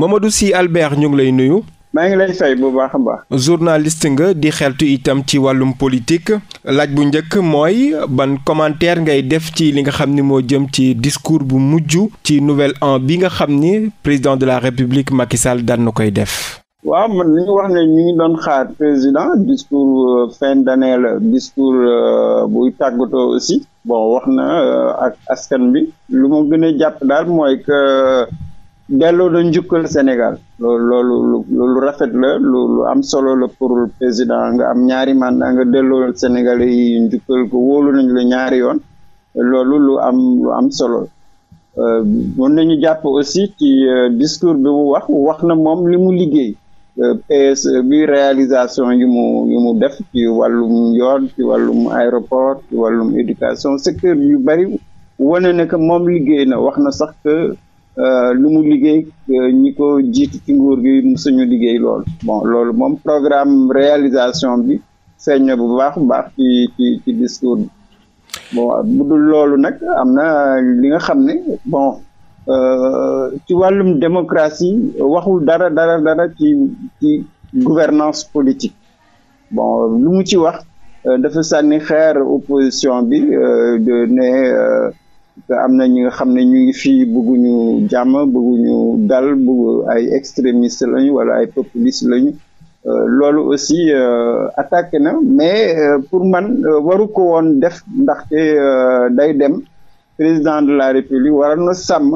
Mamadou si Albert ñu ngi lay nuyu. maa ngi lay fay bu baax a baax. journaliste nga di xeltu itam ci wàllum politique laaj bu njëkk mooy ban commentaire ngay def ci li nga xam ni moo jëm ci discours bu mujj ci nouvelle an bi nga xam ni président de la république Macky Sall daan na koy def. waaw man ni wax ne ñu doon xaar président discours euh, fin d'année la discours euh, buy tàggatoo aussi bo wax na euh, ak askan bi lu mu gën a jàpp daal mooy que. delloo na njukkal Sénégal loolu lu rafet la lu lu am solo la pour président nga am ñaari mandat nga delloo Sénégalais yi njukkal ko wóolu nañu la ñaari yoon loolu lu am lu am solo euh, mën nañu jàpp aussi ci euh, discours bi mu wax wax na moom li mu liggéey euh, PSE bi réalisation yi mu yu mu def ci wàllum yoon ci wàllum aéroport ci wàllum éducation secteur yu bari wane na moom liggéey na wax na sax que Euh, lu mu liggéey euh, ñi ko jiit ci nguur gi suñu liggéey loolu bon loolu moom programme réalisation bi feeñ na bu baax baax ci ci ci discours bi bon bu dul loolu nag am na li nga xam ne bon euh, ci wàllum démocratie waxul dara dara dara ci ci gouvernance politique bon lu mu ci wax dafa sànni xeer opposition bi de ne te am na ñi nga xam ne ñu ngi fii bëgguñu jàmm bëgguñu dal bëggu ay extrémiste lañu wala ay populiste lañu euh, loolu aussi euh, attaqué na mais euh, pour man waru ko woon def ndaxte day dem président de la république waral na sàmm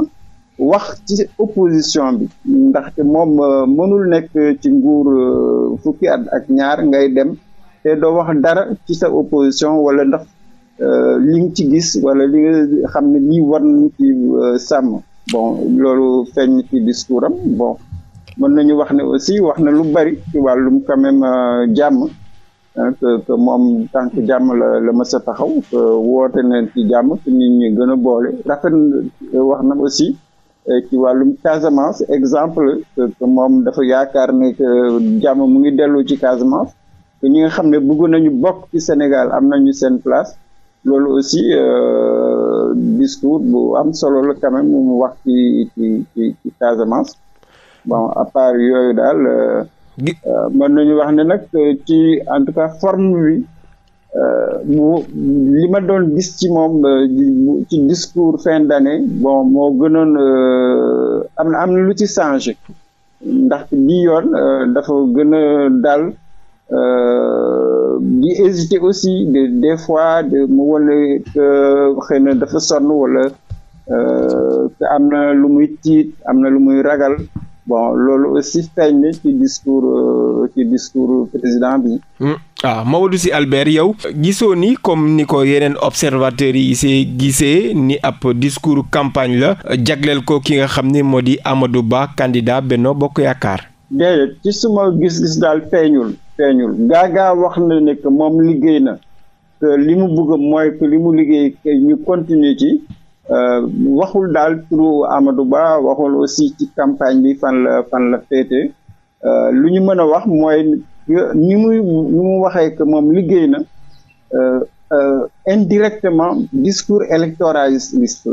wax ci opposition bi ndaxte moom mënul nekk ci nguur fukki at ak ñaar ngay dem te doo wax dara ci sa opposition wala ndax Euh, li nga ci gis wala li nga xam ne lii war nañu ci euh, sàmm bon loolu feeñ ci discours bon mën nañu wax ne aussi wax na lu bari ci wàllum quand même euh, jàmm que que moom tant jàmm la la taxaw que woote na ci jàmm te nit ñi gën a boole rafet wax nam aussi ci wàllum Casamance exemple que moom dafa yaakaar ne que jàmm mu ngi dellu ci Casamance que ñi nga xam ne bëgg nañu bokk ci Sénégal am nañu seen place loolu aussi euh, discours bu am solo la quand même mu wax ci ci ci ci Casamance bon à part yooyu daal. Euh, euh, mën nañu wax ne nag ci en tout cas forme bi mu ma doon gis ci moom ci discours fin d'année bon moo gënoon am na am na lu ci changé ndax bi yoon dafa gën a dal. Euh, di hésiter aussi de des fois de mu wala euh, xëy na dafa sonn wala euh, am na lu muy tiit am na lu muy ragal bon loolu aussi feeñ na ci discours ci président bi. waaw hmm. ah, Mamadou Sy Albert yow gisoo ni comme ni ko yeneen observateurs yi see gisee ni ab discours campagne la jagleel ko ki nga xam ni moo di Amadou Ba candidat Benno Bokk Yaakaar. déedéet ci suma gis-gis daal feeñul. feeñul gaagaa wax na ne que moom liggéey na te li mu bëgg mooy que li mu liggéey ñu continuer ci euh, waxul daal turu Amadou Ba waxul aussi ci campagne bi fan la fan la féete euh, lu ñu mën a wax mooy ni muy mu waxee que moom liggéey na euh, indirectement discours électoraliste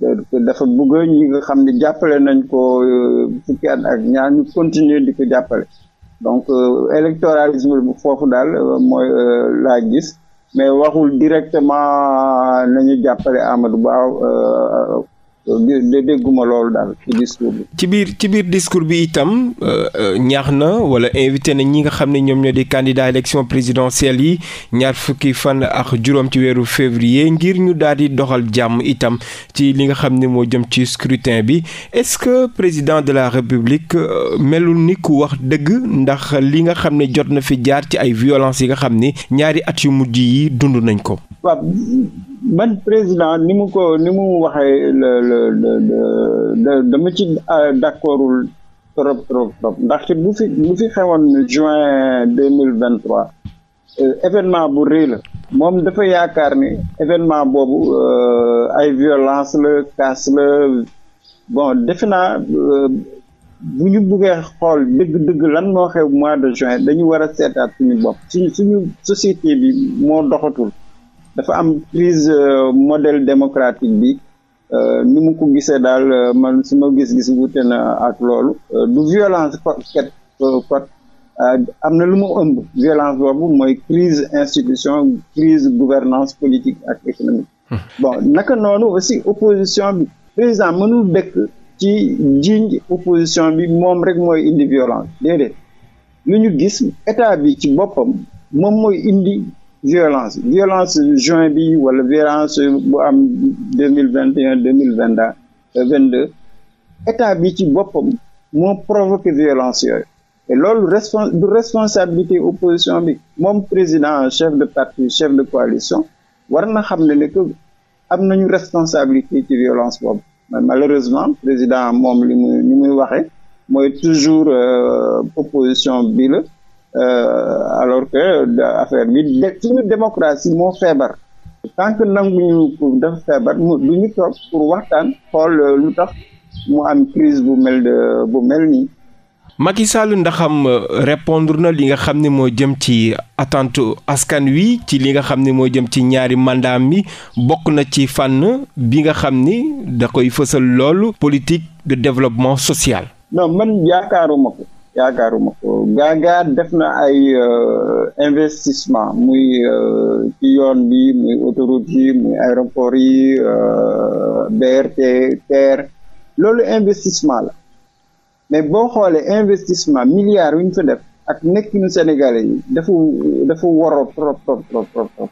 la dafa bëgg ñi nga xam ne jàppale nañ ko fukki at ak ñaar ñu continuer di ko jàppale donc euh, électoralisme bu foofu daal euh, mooy euh, laa gis mais waxul directement nañu jàppale Amadou Ba de dégguma loolu daal ci biir ci biir discours bi itam euh, euh, ñaax na wala invité na ñi nga xam ne ñoom ñoo di candidat élection présidentielle yi ñaar fukki fan ak juróom ci weeru février ngir ñu daal di doxal jàmm itam ci li nga xam ne moo jëm ci scrutin bi est-ce que président de la république euh, melul ni ku wax dëgg ndax li nga xam ne jot na fi jaar ci ay violence yi nga xam ni ñaari at yu mujj yi dund nañ ko. man président ni mu ko ni mu waxee la la dama ci ah, d'accordul trop trop trop ndaxte bu fi bu fi xewoon juin deux mille vingt trois euh, événement bu rëy la moom dafa yaakaar ni événement boobu euh, ay violence la casse la bon defe naa euh, bu ñu buggee xool dëgg-dëgg lan moo xew mois de juin dañu war a seetaat suñu bopp suñu suñu société bi moo doxatul dafa am crise euh, modèle démocratique bi euh, ni mu ko gisee daal euh, man su gis-gis wute na ak loolu du violence ket kot am na lu mu ëmb violence boobu mooy crise institution crise gouvernance politique ak économique hmm. bon naka noonu aussi opposition bi président mënul dëkk ci jiiñ oposition bi moom rek mooy indi violence déedéet lu ñu gis état bi ci boppam moom mooy indi violence violence juin bi wala violence bu am deux mille vingt et un deux mille état bi ci boppam moo provoqué violence yooyu et loolu respons du responsabilité opposition bi moom président chef de parti chef de coalition war na xam ne ne que am nañu responsabilité ci violence boobu mais malheureusement président moom li muy li muy waxee mooy toujours euh, opposition bi la Euh, alors que affaire bi suñu démocratie moo feebar tant que nanguñu dafa feebar du toog pour waxtaan xool euh, lu tax mu am crise bu mel bu mel nii. Macky Sall ndaxam euh, répondre na li nga xam ni moo jëm ci attente askan wi ci li nga xam ni moo jëm ci ñaari mandat mi bokk na ci fànn bi nga xam ni da koy fësal loolu politique de développement social. non man yaakaaruma ko yaakaaruma ko gaagaa def na ay euh, investissement muy euh, ci yoon bi muy autoroute yi muy aéroport yi euh, BRT TER loolu investissement la mais boo xoolee investissement milliards yu ñu fa def ak nekkinu sénégal yi dafa dafa waroo trop trop trop trop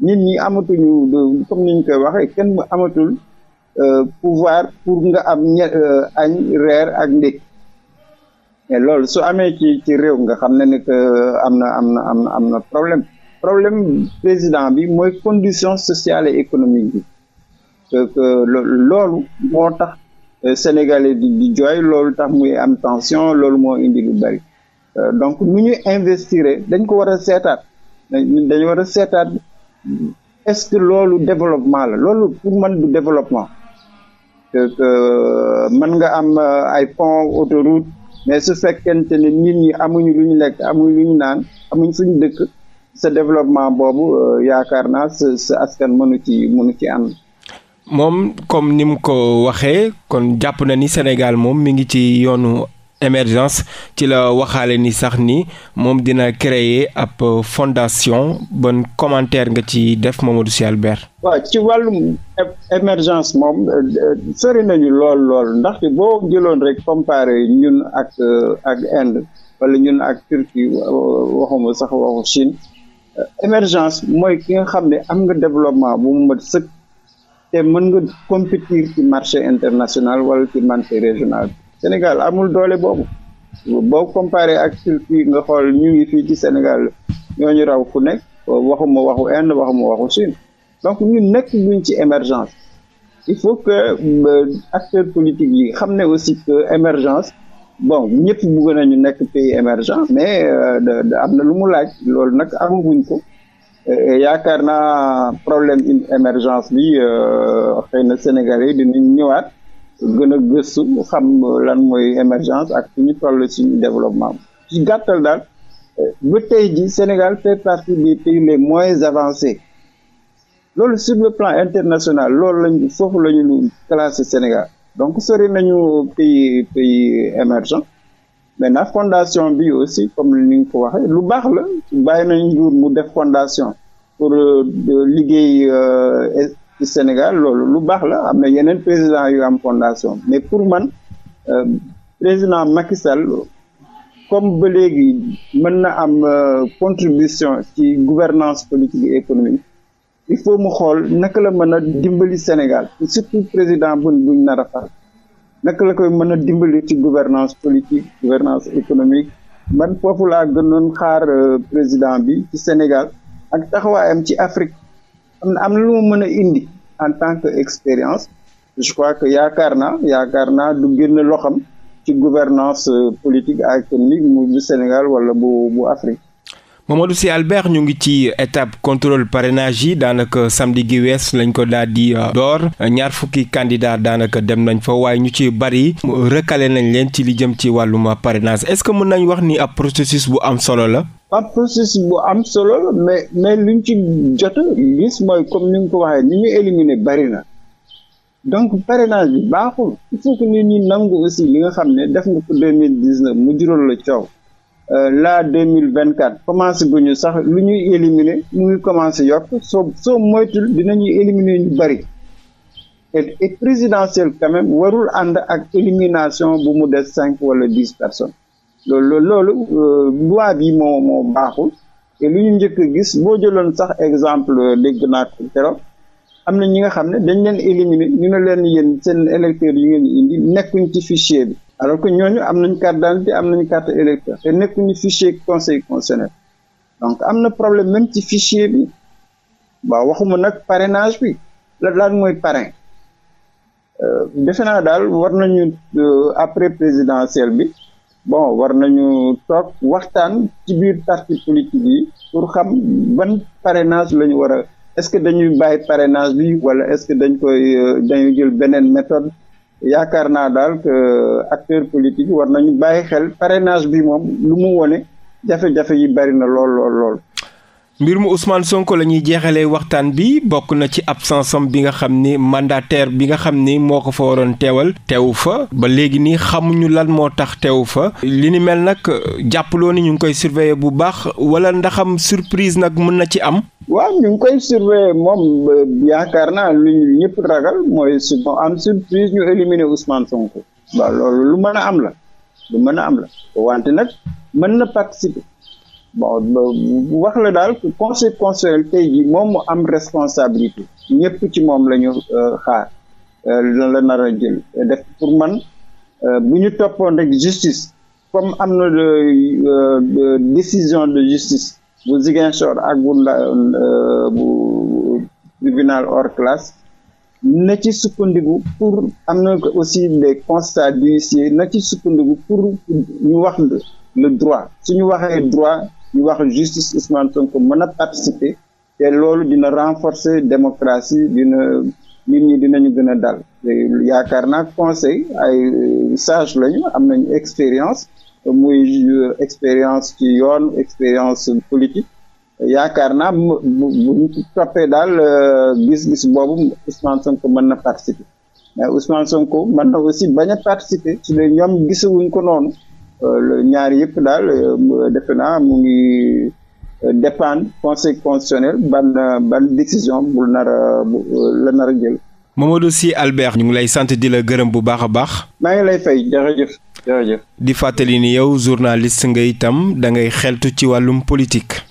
nit ñi amatuñu comme ni ñu koy waxee kenn mu amatul pouvoir pour nga am añ reer ak ndékki mais loolu su amee ci ci réew nga xam ne ni que euh, am na am na am na am na problème problème président bi mooy condition sociale économique bi que loolu moo tax euh, sénégalais di di jooy loolu tax muy am tension loolu moo indi lu bari euh, donc nu ñuy investir dañ ko war a seetaat dañu war a seetaat est-ce que loolu développement la loolu pour man du développement que mën nga am ay pont autoroute mais su fekkente ne nit ñi amuñu lu ñu lekk amuñu lu ñu naan amuñ suñu dëkk sa développement boobu euh, yaakaar naa sa sa askan mënu ci mënu ci ànd. moom comme ni mu ko waxee kon jàpp na ni Sénégal moom mi ngi ci yoonu émergence ci la waxaale ni sax ni moom dina créer ab fondation bon commentaire nga ci def Mamadou Sy Albert. waaw ci wàllum émergence moom euh, euh, sori nañu lool lool ndax ndaxte boo jëloon rek comparé ñun ak euh, ak Inde wala ñun ak Turquie waxuma sax waxu Chine émergence mooy ki nga xam ne am nga développement bu mu mat sëkk te mën nga compétir ci marché international wala ci marché régional Sénégal amul doole boobu boo comparer ak Turquie nga xool ñu ngi fii ci Sénégal ñooñu raw fu nekk waxuma waxu Inde waxuma waxu Chine donc ñu nekk duñ ci émergence il faut que euh, acteurs politiques yi xam ne aussi que émergence bon ñëpp bëgg ñu nekk pays émergent mais euh, am na lu mu laaj loolu nag amaguñ ko euh, yaakaar naa problème une émergence bi xëy na Sénégal yi dinañ ñëwaat gën a gëstu xam lan mooy émergence ak suñu toll suñu développement ci gàttal daal ba tey ji Sénégal fait partie des pays les moins avancés loolu sur le plan international loolu lañ foofu la ñu classé Sénégal donc sori nañu pays pays émergent maintenant fondation bi aussi comme ni nga ko waxe lu baax la bàyyi nañu nguur mu def fondation pour euh, liggéey euh, ci Sénégal loolu lu baax la am na yeneen président yu am fondation mais pour man euh, président Macky Sall comme ba léegi mën na am contribution ci gouvernance politique et économique il faut mu xool naka la mën a dimbali Sénégal surtout président bu buñ nar a fal naka la koy mën a dimbali ci gouvernance politique gouvernance économique man foofu laa gënoon xaar euh, président bi ci Sénégal ak taxawaayam ci Afrique am na am lu mu mën a indi en tant que expérience je crois que yaakaar na yaakaar naa du génn loxam ci gouvernance euh, politique ak économique mu bu Sénégal wala bu bu Afrique Mamadou Sy Albert ñu ngi ci étape contrôle parrainage yi daanaka samdi gi wees lañ ko daal di euh, door ñaar fukki candidat daanaka dem nañ fa waaye ñu ci bari recalé nañ leen ci li jëm ci wàllum parrainage est-ce que mën nañu wax ni ab processus bu am solo la. ab processus bu am solo la mais luñ ci jot gis mooy comme ni ko waxee ni ñu éliminé bari na donc parrainage bi baaxul il faut nit ñi nangu aussi li nga xam ne def nga ko mu jural la coow. Euh, la 2024 bu ñu sax lu ñuy éliminer mu ngi commencé yokk soo soo moytul dinañuy éliminer ñu bëri et et présidentielle quand warul ànd ak élimination bu mu des cinq wala dix personnes loolu loolu euh, loi bi moo moo baaxul te lu ñu njëkk a gis boo jëloon sax exemple euh, dégg naa ko keroog am na ñi nga xam ne dañ leen éliminer ñu ne leen yéen seen électeurs ñu ngeen indi nekkuñ ci fichier bi alors que ñooñu am nañ carte d'identité am nañ carte électeur te nekkuñu fichier conseil constitutionnel donc am na problème même ci fichier bi waaw waxuma nag parenage bi la laan mooy parrain euh, defe naa daal war nañu euh, après présidentielle bi bon war nañu toog waxtaan ci biir parti politique yi pour xam ban parenage la ñu war a est-ce que dañuy bàyyi parenage bi wala est-ce que dañ koy euh, dañuy jël beneen méthode yaakaar naa daal que euh, acteur politique war nañu bàyyi xel parrainage bi moom lu mu wone jafe-jafe yi bari na lool lool lool. mbir mu Ousmane Sonko la ñuy jeexalee waxtaan bi bokk na ci absence am bi nga xam ni mandataire bi nga xam ni moo ko fa waroon teewal teew fa ba léegi nii xamuñu lan moo tax teewu fa li ni mel nag jàppaloo ni ñu ngi koy surveiller bu baax wala ndaxam surprise nag mën na ci am. waaw ñu ngi koy surveiller moom euh, yaakaar naa lu ñu ñëpp ragal mooy su am surprise ñu éliminer Ousmane Sonko. waaw loolu lu mën a am la lu mën a am la wante nag mën na participer. bon wax la daal conseil constitutionnel tey jii moom mu am responsabilité ñëpp ci moom la ñu euh, xaar lan euh, la nar a def pour man euh, bu ñu toppoon rek justice comme am na de décision de justice bu Ziguinchor ak bu bu tribunal hors classe na ci sukkandiku pour am na ko aussi des constats d'huissier na ci sukkandiku pour ñu wax le droit suñu waxee droit ñu wax justice Ousmane Sonko mën a participer te loolu dina renforcer démocratie dina nit ñi dinañu gën a dal yaakaar naa conseil ay sage lañu am nañu expérience muy euh, expérience ci yoon expérience politique yaakaar naa bu ñu toppee daal euh, gis-gis boobu Ousmane ko mën na participer mais Ousmane Sonko mën na aussi bañ a participer su dee ñoom gisawuñ ko noonu ñaar yëpp daal euh, defe naa mu ngi euh, dépendre conseil constitutionnel ban ban décision bu nar a euh, la nar a jël. Mamadou Albert ñu ngi lay sant di la gërëm bu baax a baax. maa ngi lay fay di fàttali ni yow journaliste nga itam da ngay xeltu ci wàllum politique.